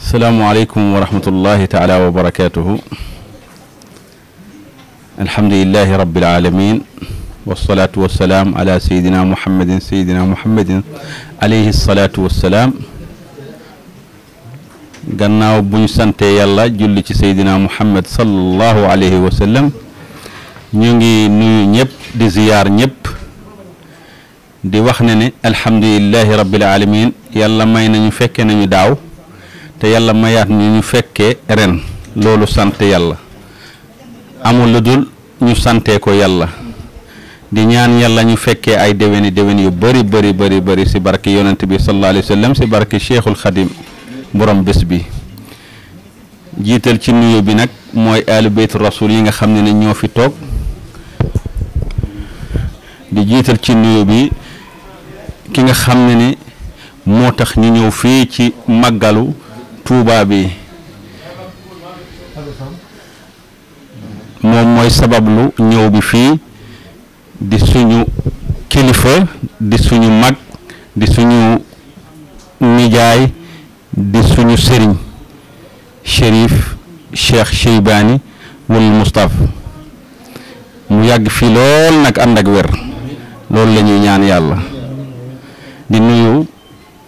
asalaamualeykum wa rahmatullahi taala wa barakatuhu alhamdulilahi rabbil alamin wasalaatu wasalaam ala sayidina muhammadin sayidina muhammadin alayhi salaatu wasalaam gannaaw buñ sante yàlla julli ci sayidina muhammad sallallahu alayhi wa sallam ñu ngi nuyu ñëpp di ziyaar ñëpp di wax ne ne alhamdulilahi rabbil alamin yàlla may nañu fekke nañu daaw te yàlla mayaat ñu ñu fekkee ren loolu sant yàlla amul lu dul ñu santee ko yàlla di ñaan yàlla ñu fekkee ay déwéni déwén yu bëri bëri bëri bëri si barki yonent bi sallallahu alayhi wa sallam si barki cheikhul xadim borom bés bi jiital ci nuyu bi nag mooy alu beytu rasul yi nga xam ne ne ñoo fi toog di jiital ci nuyu bi ki nga xam ne ne moo tax ñu ñëw fii ci màggalu tuubaab yi moom mooy sabablu ñëw bi fii di suñu kilifa di suñu mag di suñu nijaay di suñu sëriñ Chérif Cheikh Cheybani wal Moustapha mu yàgg fii lool nag ànd ak wér loolu lañuy ñaan yàlla di nuyu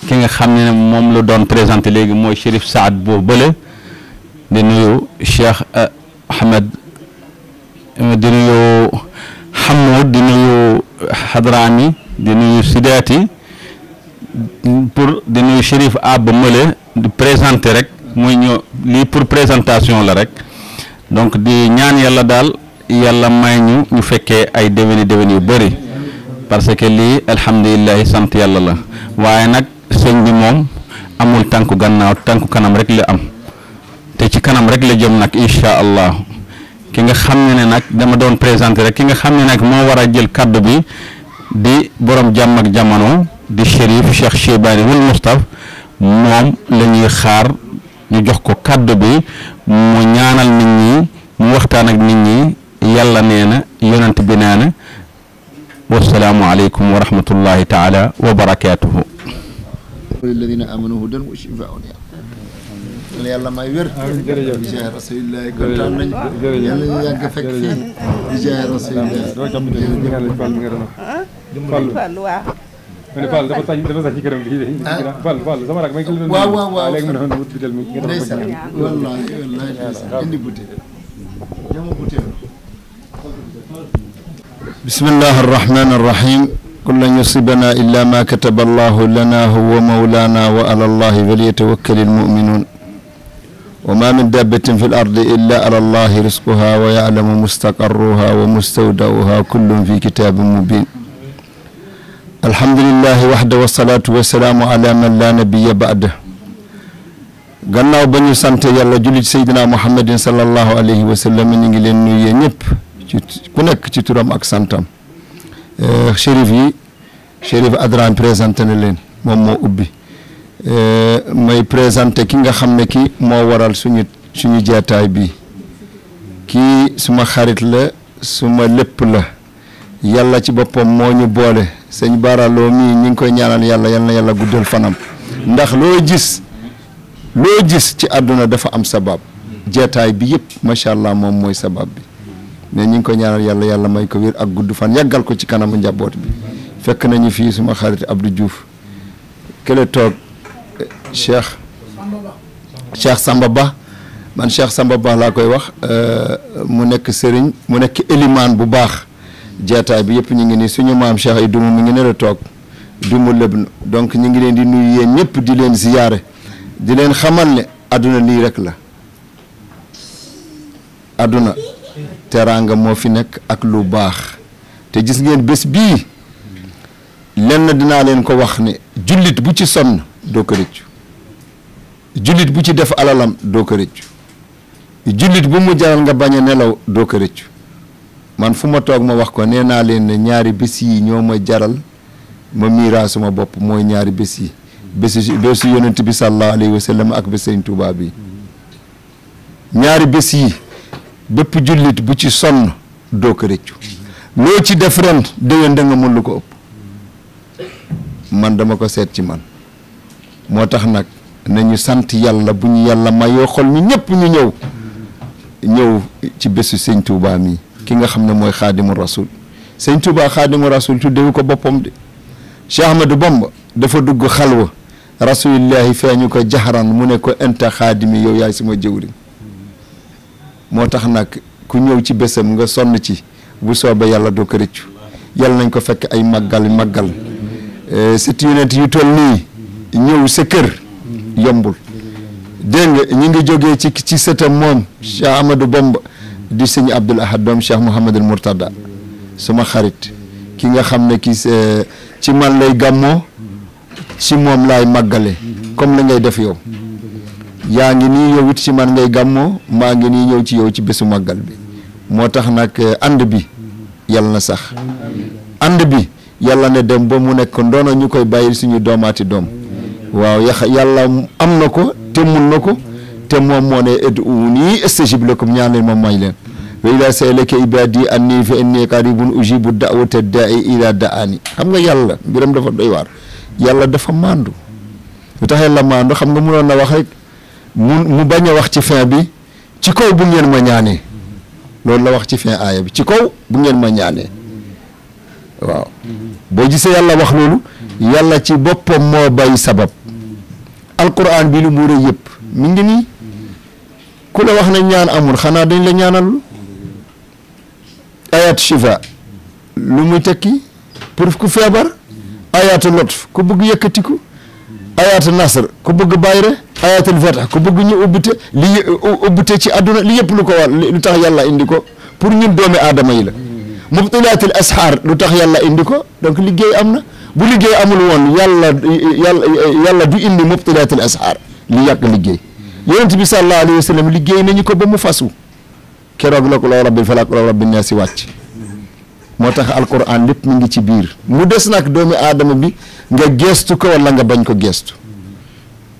ki nga xam ne moom la doon présenté léegi mooy Chérif Saad boo bële di nuyu Cheikh euh, Ahmed euh, di nuyu Hamoud di nuyu Hadrami di nuyu Sidaati pour di nuyu Chérif Abba Mële di présenté rek muy ñëw lii pour présentation la rek donc di ñaan yàlla daal yàlla may ñu ñu fekkee ay déwéni déwén yu bëri parce que lii alhamdulilah sant yàlla la waaye nag sëñ bi moom amul tànku gannaaw tànku kanam rek li am te ci kanam rek la jëm nag incha allah ki nga xam ne ne nag dama doon présenté rek ki nga xam ne nag moo war a jël kaddu bi di borom jàmm ak jamono di shérif Cheikh Cheybani wul Moustapha moom la xaar ñu jox ko kaddu bi mu ñaanal nit ñi mu waxtaan ak nit ñi yàlla nee na yonent bi nee na والسلام عليكم ورحمة الله تعالى وبركاته للذين آمنوا هدى وشفاء yàlla may wér di jaay rasulilah kontaan nañ yàlla ñu yàgg fekk fii di jaay rasulilah Fallou Fallou waaw ma ne Fallou dafa sañ dafa sañ ci këram bi Fallou Fallou sama rak ma ngi waaw waaw waaw léegi mu ne wut bitel mi ndeysaan wallaahi wallaahi indi butéel jama butéel bismillahi arrahmani arrahim qul lan yusibana illa ma kataba allahu lana huwa mawlana wa ala allahi falyatawakkal almu'minun wa ma min dabbatin fi lardi illa ala allahi risquha wa ya'lamu mustaqarruha wa mustawda'uha kullun fi kitabin mubin alhamdulillahi waxda wasalaatu wasalaamu ala man la nabiya ba'da gannaaw ba ñu sant yàlla jullit seydina muhammadin sallallahu alayhi wa sallam ñu ngi leen nuyu ñëpp ci ku nekk ci turam ak santam chérif eh, yi chérif Adran présenté na leen moom moo ubbi eh, may présenté ki nga xam ne ki moo waral suñu suñu jeetaay bi kii suma xarit la suma lépp la yàlla ci boppam moo ñu boole sëñ baaraloo mii ñu ngi koy ñaanal yàlla yal na yàlla guddal fanam ndax loo gis loo gis ci àdduna dafa am sabab jeetaay bi yëpp macha allah moom mooy sabab bi ne ñu ngi ko ñaanal yàlla yàlla may ko wér ak gudd fan yàggal ko ci kanamu njaboot bi fekk nañu fii suma xarit Abdou juuf kële toog Cheikh Cheikh Samba Ba man Cheikh Samba Ba laa koy wax euh, mu nekk sëriñ mu nekk élimaan bu baax jeetaay bi yëpp ñu ngi nii suñu maam Cheikh ay dumu mu ngi ne la toog dumu lëb na donc ñu ngi leen di nuyu yéen ñëpp di leen ziyaare di leen xamal ne àdduna lii rek la àdduna teraanga moo fi nekk ak lu baax te gis ngeen bés bii lenn dinaa leen ko wax ni jullit bu ci sonn doo ko rëccu jullit bu ci def alalam doo ko rëccu jullit bu mu jaral nga bañ nelaw doo ko rëccu man fu ma toog ma wax ko nee naa leen ne ñaari bés yi ñoo ma jaral ma miiraa suma bopp mooy ñaari bés yi bésu bésu bi sallallahu alayhi wa ak bés Sëñ Tuubaa ñaari bés yi bépp jullit bu ci sonn doo ko rëccu loo ci def ren déwén da nga mën lu ko ëpp man dama ko seet ci man moo tax nag nañu sant yàlla bu ñu yàlla mayoo xol ñu ñëpp ñu ñëw ñëw ci bésu sëñ Touba mi ki nga xam ne mooy xaadimu rasul sëñ Touba xaadimu rasul tuddewu ko boppam de Cheikh Ahmadou Bamba dafa dugg xalwa rasulillahi feeñu ko jaxaran mu ne ko inta xaadimi yow yaay sama jëwriñ moo tax nag ku ñëw ci bésam nga sonn ci bu soobee yàlla doo ko rëccu yàlla nañ ko fekk ay màggal màggal sët euh, yonent yu toll nii ñëw sa kër yombul dégg nga ñu ngi jógee ci ci sëtam moom Cheikh Amadou Bamba di sëñ Abdoul Ahad doom Cheikh Mouhamadul Mourtada suma xarit ki nga xam ne ki euh, ci man lay gàmmoo ci moom laay màggale comme la ngay def yow yaa ngi nii yow it ci man ngay gàmmoo maa ngi nii ñëw ci yow ci bésu màggal bi moo tax nag eh, ànd bi yàlla na sax ànd bi yàlla ne dem ba mu nekk ndono ñu koy bàyyi suñu doomaati doom waaw yax yàlla am na ko te mun na ko te moom moo ne ud'uunii astajib lakum ñaan leen ma may leen wa idaa sa'alaka ibaadii annii fa innii qariibun ujiibu da'wata daa'i idaa da'aani xam nga yàlla mbiram dafa doy waar yàlla dafa maandu lu tax yàlla maandu xam nga mënoon na wax mu mu bañ a wax ci fin bi ci kaw bu ngeen ma ñaanee loolu la wax ci fin aaya bi ci kaw bu ngeen ma ñaanee waaw boo gisee yàlla wax loolu yàlla ci boppam moo bay sabab alquran bi lu mu rëy yëpp mi ngi nii ku la wax na ñaan amul xanaa dañ la ñaanal ayat shifa lu muy tekki pour ku feebar ayat lotf ku bëgg yëkkatiku ayat nasr ku bëgg bayre ayatul fatax ku bëgg ñu ubbite li ubbite ci àdduna li yëpp lu ko war lu tax yàlla indi ko pour ñun doomi aadama yi la mubtilaatil asxaar lu tax yàlla indi ko donc liggéey am na bu liggéey amul woon yàlla yàlla yàlla du indi mubtilaatil asxaar li yàq liggéey yonent bi sallallahu alayhi wa sallam liggéey nañu ko ba mu fasu keroog la ko law rabbil falaq law rabbin naasi wàcc moo tax alquran lépp mu ngi ci biir mu des nag doomi aadama bi nga geestu ko wala nga bañ ko geestu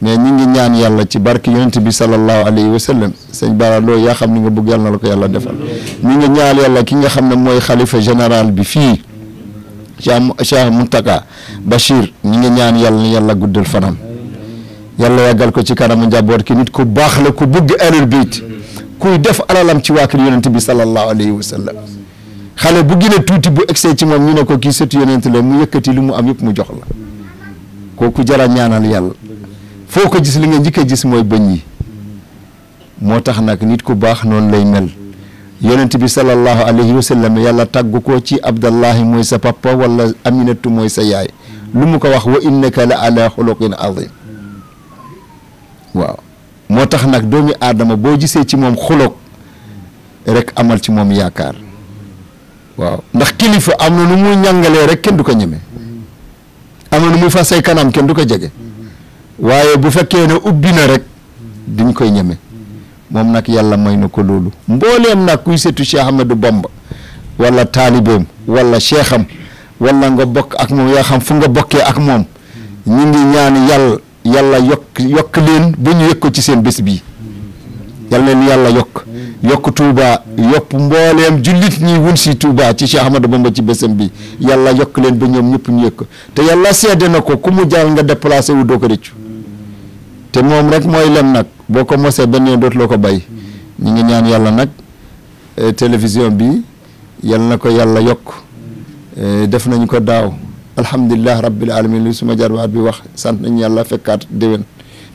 mais ñi ngi ñaan yàlla ci barke yonent bi sallallahu alayhi wa sallam sëñ Bara loolu yaa xam ni nga bëgg yàlla na ko yàlla defal ñi ngi ñaan yàlla ki nga xam ne mooy xalifa général bi fii Cheikh Cheikh Mountakha Bachir ñi ngi ñaan yàlla na yàlla guddal fanam yàlla yàggal ko ci kanamu njaboot ki nit ku baax la ko bëgg ahlul bayt kuy def alalam ci waa kër yonent bi sallallahu alayhi wa sallam xale bu gën a tuuti bu egsee ci moom ñu ne ko kii sëtu yonent la mu yëkkati li mu am yëpp mu jox la kooku jara ñaanal yàlla foo ko gis li nga njëkk a gis mooy bëñ yi moo tax nag nit ku baax noonu lay mel yonent bi sallallahu alayhi wa sallam yàlla tàggu ko ci abdallahi mooy sa papa wala aminatu mooy sa yaay lu mu ko wax wa innaka la ala xuluqin azim waaw moo tax nag doomi aadama boo gisee ci moom xulóog rek amal ci moom yaakaar waaw ndax kilifa am na lu muy ñàngalee rek kenn du ko ñeme am na nu muy fasay kanam kenn du ko jege waaye bu fekkee ne ubbi na rek duñ koy ñeme moom nag yàlla may na ko loolu mbooleem nag kuy setu Cheikh Ahmadou Bamba wala taalibeem wala cheikham wala nga bokk ak moom yaa xam fu nga bokkee ak moom ñu ngi ñaan yàlla yàlla yokk yokk leen ba ñu ci seen bés bii yal leen yàlla yokk yokk Touba yokk mbooleem jullit ñi wun si Touba ci Cheikh Ahmadou Bamba ci bésam bi yàlla yokk leen ba ñoom ñëpp ñu yëg ko te yàlla seede na ko ku mu jaal nga déplacé wu doo ko rëccu te moom rek mooy lem nag boo ko mosee benn yoon loo ko bay ñu ngi ñaan yàlla nag eh, télévision bi yàlla na ko yàlla yokk eh, def nañ ko daaw alhamdulilah rabbil alamin li suma jarbaat bi wax sant nañ yàlla fekkaat déwén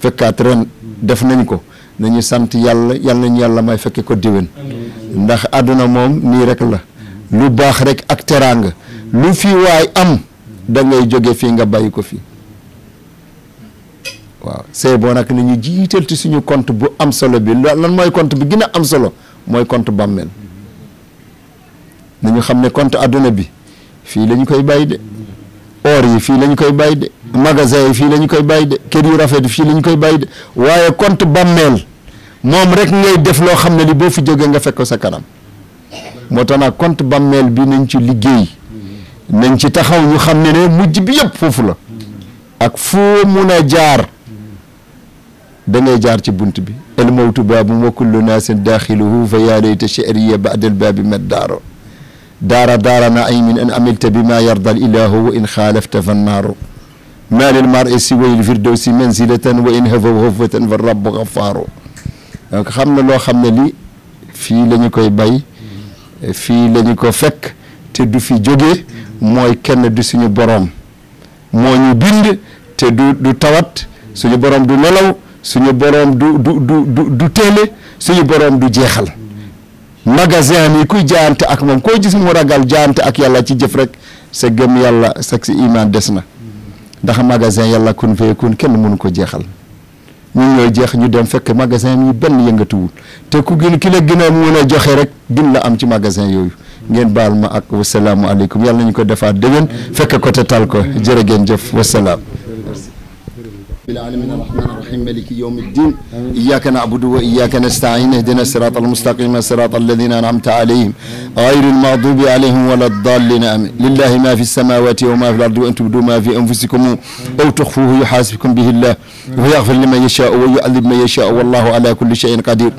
fekkaat ren def nañ ko nañu sant yàlla yàlla nañu yàlla may fekke ko déwén ndax àdduna moom nii rek la lu baax rek ak teraanga lu fi waay am da ngay jóge fii nga bàyyi ko fii waaw c'est bon nag nañu jiital ci suñu compte bu am solo bi lan mooy compte bi gën am solo mooy compte bàmmeel nañu xam ne compte àdduna bi fii la koy bàyyi de or yi fii la koy bàyyi de magasin yi fii lañu koy bàyyi de kër yu rafet fii la ñu koy bàyyi de waaye compte bàmmeel moom rek ngay def loo xam ne li boo fi jógee nga fekk sa kanam moo tax nag compte bàmmeel bi nañ ci liggéey nañ ci taxaw ñu xam ne ne mujj bi yëpp foofu la ak foo mun a jaar. da ngay jaar ci bunt bi el mawtu baabum wa kullu naasin daaxiluhu fa yaa layta chariya baadal baabi mat daaro daara daar na ay min an amilta bi ma yarda al ilaahu wa in xaalafta fa naaru maa lil mar i si walil firdawsi manzilatan wa in hafaw hafatan fa rabbu gafaaru donc xam na loo xam ne li fi la koy bay fii la ko fekk te du fi jóge mooy kenn du suñu boroom moo ñu bind te du du tawat suñu boroom du nelaw suñu boroom du du du du téele suñu boroom du jeexal magasin yi kuy jaante ak moom koo gis mu ragal jaante ak yàlla ci jëf rek sa gëm yàlla sa si iman des na ndax magasin yàlla kun fayakun kenn mënu ko jeexal ñun ñooy jeex ñu dem fekk magasin yi benn yëngatuwul te ku gën ki la gën a mën a joxe rek gën la am ci magasin yooyu ngeen baal ma ak wasalaamualeykum yàlla nañu ko defaat déwén fekk ko te tal ko jërë ngeen jëf wasalaam العالمين الرحمن الرحيم مالك يوم الدين إياك نعبد وإياك نستعين اهدنا الصراط المستقيم صراط الذين أنعمت عليهم غير المغضوب عليهم ولا الضالين آمين لله ما في السماوات وما في الأرض وأن تبدوا ما في أنفسكم أو تخفوه يحاسبكم به الله ويغفر لمن يشاء ويعذب من يشاء والله على كل شيء قدير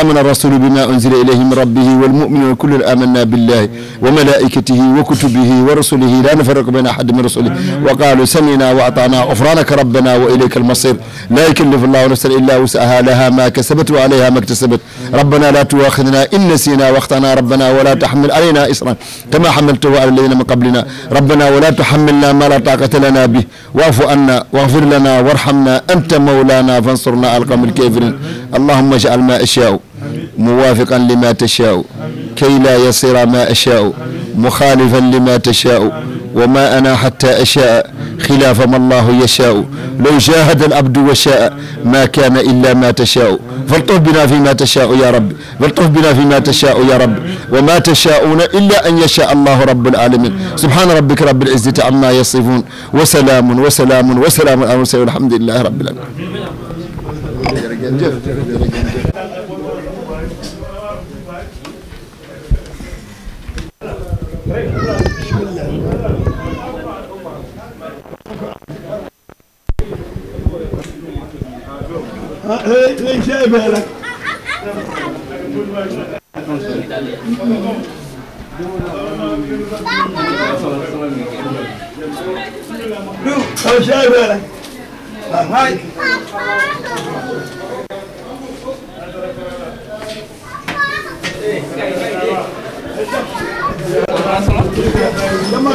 آمن الرسول بما أنزل إليه من ربه والمؤمنون كل آمنا بالله وملائكته وكتبه ورسله لا نفرق بين أحد من رسله وقالوا سمعنا وأطعنا غفرانك ربنا وإليك إليك المصير لا يكلف الله نفسا إلا وسعها لها ما كسبت وعليها ما اكتسبت ربنا لا تؤاخذنا إن نسينا واخطأنا ربنا ولا تحمل علينا إصرا كما حملته على الذين من قبلنا ربنا ولا تحملنا ما لا طاقة لنا به واعف عنا واغفر لنا وارحمنا أنت مولانا فانصرنا على القوم الكافرين اللهم اجعل ما أشاء موافقا لما تشاء كي لا يصير ما أشاء مخالفا لما تشاء وما أنا حتى أشاء خلاف ما الله يشاء لو جاهد العبد وشاء ما كان إلا ما تشاء فالطف بنا فيما تشاء يا رب فالطف بنا فيما تشاء يا رب وما تشاءون إلا أن يشاء الله رب العالمين سبحان ربك رب العزة عما يصفون وسلام وسلام وسلام على المرسلين والحمد لله رب العالمين ah léegi eh, eh, si ay béy rek. du si ay béy rek. waaw. dama